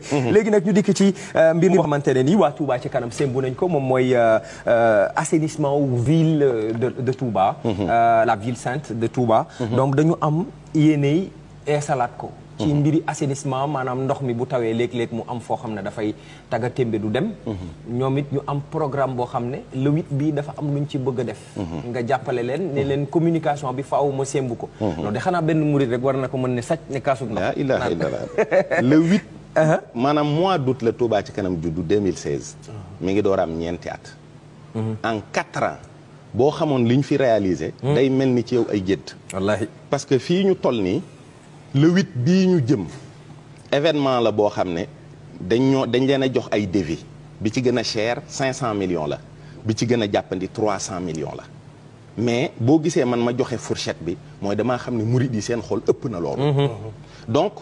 Mhm. léegi nag ñu dikk ci euh, mbir moo xamante ne nii waa Touba ci kanam sémbu nañ ko moom mooy euh, euh, assainissement wu ville de de Touba mhm. la ville sainte de Touba mhm. donc dañu am yéeney eesalaat ko ci mbiri assainissement maanaam ndox mi bu tawee léeg-léeg mu am foo xam ne dafay tagga témbe du dem ñoom it ñu am programme boo xam ne le huit bii dafa am luñ ci bëgg def nga jàppale leen ne leen communication bi faaw ma sémbu ko loolu de xanaa benn murit rek war na ko mën ne sàcc ne kaasug manam mois d'août le Touba ci kanam juddu 2016. Ah. mi ngi door am ñeenti at. Mhm. en 4 ans bo xamone liñ fi réaliser hmm. day melni ci yow ay gédd. wallahi parce que fi ñu toll ni le huit bi ñu jëm événement la bo xamné dañ ñoo dañ leena jox ay devis bi ci gëna cher 500 millions la bi ci gëna jappandi 300 millions la. mais bo gisee man ma joxé fourchette bi moy dama xamné ne yi seen xol ëpp na lool mhm. donc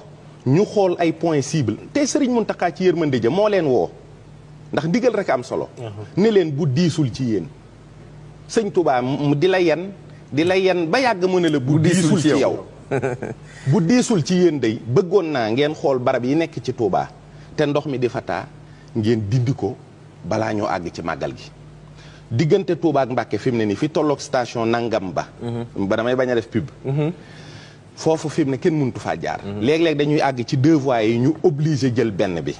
ñu xool ay point cible te sëriñ Mountakha ci yërmande ja moo leen woo ndax ndigal rek am solo uh-huh. ne leen bu diisul ci yéen sëñ Touba mu di la yen di la yen ba yàgg mu ne la bu diisul ci yow bu diisul ci yéen day bëggoon naa ngeen xool barab yi nekk ci Touba te ndox mi di fa taa ngeen dindi ko balaa ñoo àgg ci màggal gi diggante Touba ak Mbàkke fi mu ne nii fi tolloog station nangam ba uh-huh. ba damay bañ a def pub uh-huh. foofu fi mu ne kenn munutu faa jaar. léeg-léeg dañuy àgg ci deux voies yi ñu obligé jël benn bi.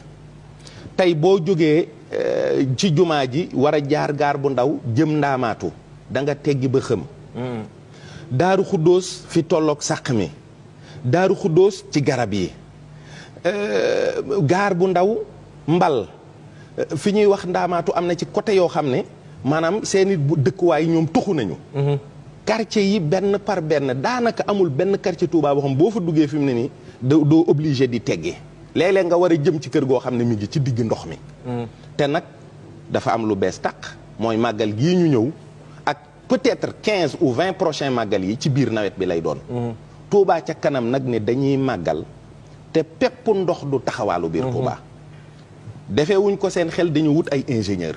tey boo jógee euh, ci jumaa ji war a jaar gaar bu ndaw jëm ndaamaatu da nga teggi ba xëm. Hmm. daaru xuddoos fi tolloog sàq mi daaru xuddoos ci garab yi. Euh, gaar bu ndaw mbal euh, fi ñuy wax ndaamaatu am na ci côté yoo xam ne maanaam seeni dëkkuwaay ñoom tuxu nañu. Hmm. quartier yi benn par benn daanaka amul benn quartier Touba boo xam boo fa duggee fi ne nii doo obligé di teggee léeg nga war a jëm ci kër goo xam ne mi ngi ci digg ndox mi. Hmm. te nag dafa am lu bees tàq mooy màggal gii ñu ñëw ak peut-être quinze ou vingt prochains màggal yi ci biir nawet bi lay doon. Hmm. Touba ca kanam nag ne dañuy màggal te pepp ndox du taxawaalu biir hmm. Touba. defee wuñ ko seen xel dañu wut ay ingénieur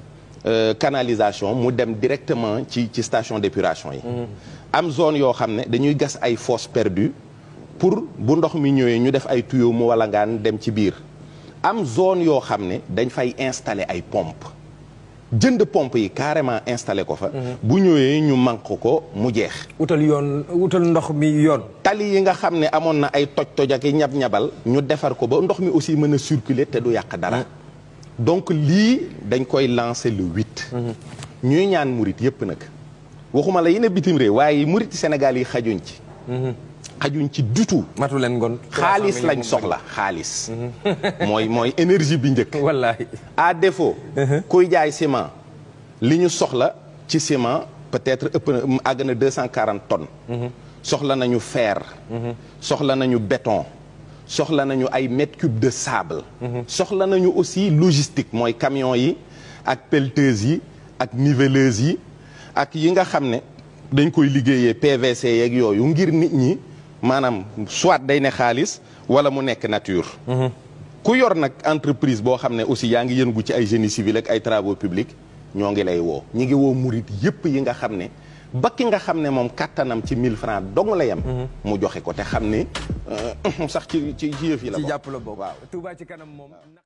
Euh, canalisation mu dem directement ci ci station d'épuration yi mm-hmm. am zone yoo xam ne dañuy gas ay pour bu ndox mi ñëwee ñu def ay tuyaux mu walangaan dem ci biir am zone yoo xam dañ fay installer ay pompes jënd pompe yi carrément installé ko fa. Mm-hmm. bu ñëwee ñu manqué ko mu jeex. wutal yoon wutal ndox mi yoon. tali yi nga xam ne amoon na ay toj-toj ak ñab-ñabal. ñu defar ko mi aussi mener circuler te du yàq dara. Mm. donc lii dañ koy lancer lu huit. ñuy ñaan murit yëpp nag waxuma la yéen bitim réew waaye murit Sénégal yi xajuñ ci. xajuñ ci du matu leen ngoon xaalis lañ soxla xaalis. mooy mooy énergie bi njëkk. wallaay à défaut. Uh-huh. kuy jaay ciment li ñu soxla ci ciment peut-être ëpp na àgg na deux cent quarante tonnes. Uh-huh. soxla nañu fer. Uh-huh. soxla nañu béton. soxla nañu ay mètres cubes de sable. Mhm. soxla nañu aussi logistique mooy camion yi ak pelleteuses yi ak nivelleuse yi ak yi nga xam ne dañ koy liggéeyee PVC yeeg yooyu ngir nit ñi maanaam soit day ne xaalis wala mu nekk nature. Mhm. ku yor nag entreprise boo xam ne aussi yaa ngi yëngu ci ay génie civil ak ay travaux publics ñoo ngi lay woo. ñi ngi woo murit yépp yi nga xam ne. ba ki nga xam ne moom kattanam ci mille francs dong la yem. Mhm. mu joxe ko te xam ni euh, sax ci ci yëf e yi la. ci jàpp la boobu ci kanam moom.